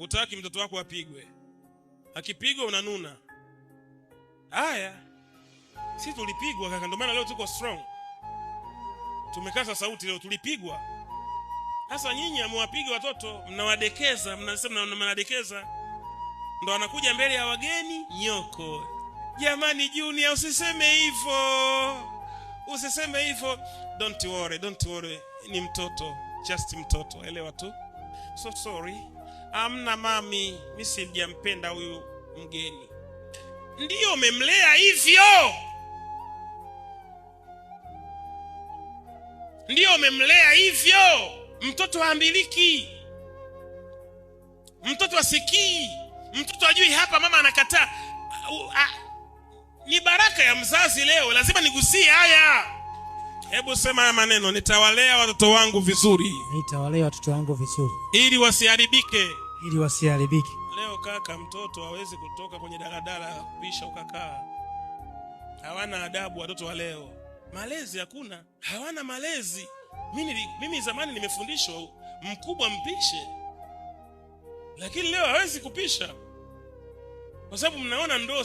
hutaki mtoto wako apigwe, akipigwa unanuna. Haya, sisi tulipigwa kaka, ndio maana leo tuko strong, tumekaza sauti leo, tulipigwa. Sasa nyinyi amewapiga watoto, mnawadekeza, mnasema mnawadekeza, ndo anakuja mbele ya wageni nyoko. Jamani Junior, usiseme hivyo, usiseme hivyo. Don't worry, don't worry, ni mtoto, just mtoto, elewa tu. So sorry amna mami, mi sijampenda huyu mgeni. Ndiyo umemlea hivyo, ndiyo umemlea hivyo. Mtoto haambiliki, mtoto asikii, mtoto ajui hapa, mama anakataa. Ni baraka ya mzazi. Leo lazima nigusie haya. Hebu sema haya maneno, nitawalea watoto wangu vizuri, nitawalea watoto wangu vizuri ili wasiharibike, ili wasiharibike. Leo kaka, mtoto hawezi kutoka kwenye daladala kupisha ukakaa. Hawana adabu watoto wa leo, malezi hakuna, hawana malezi. Mimi, mimi zamani nimefundishwa mkubwa mpishe, lakini leo hawezi kupisha kwa sababu mnaona ndo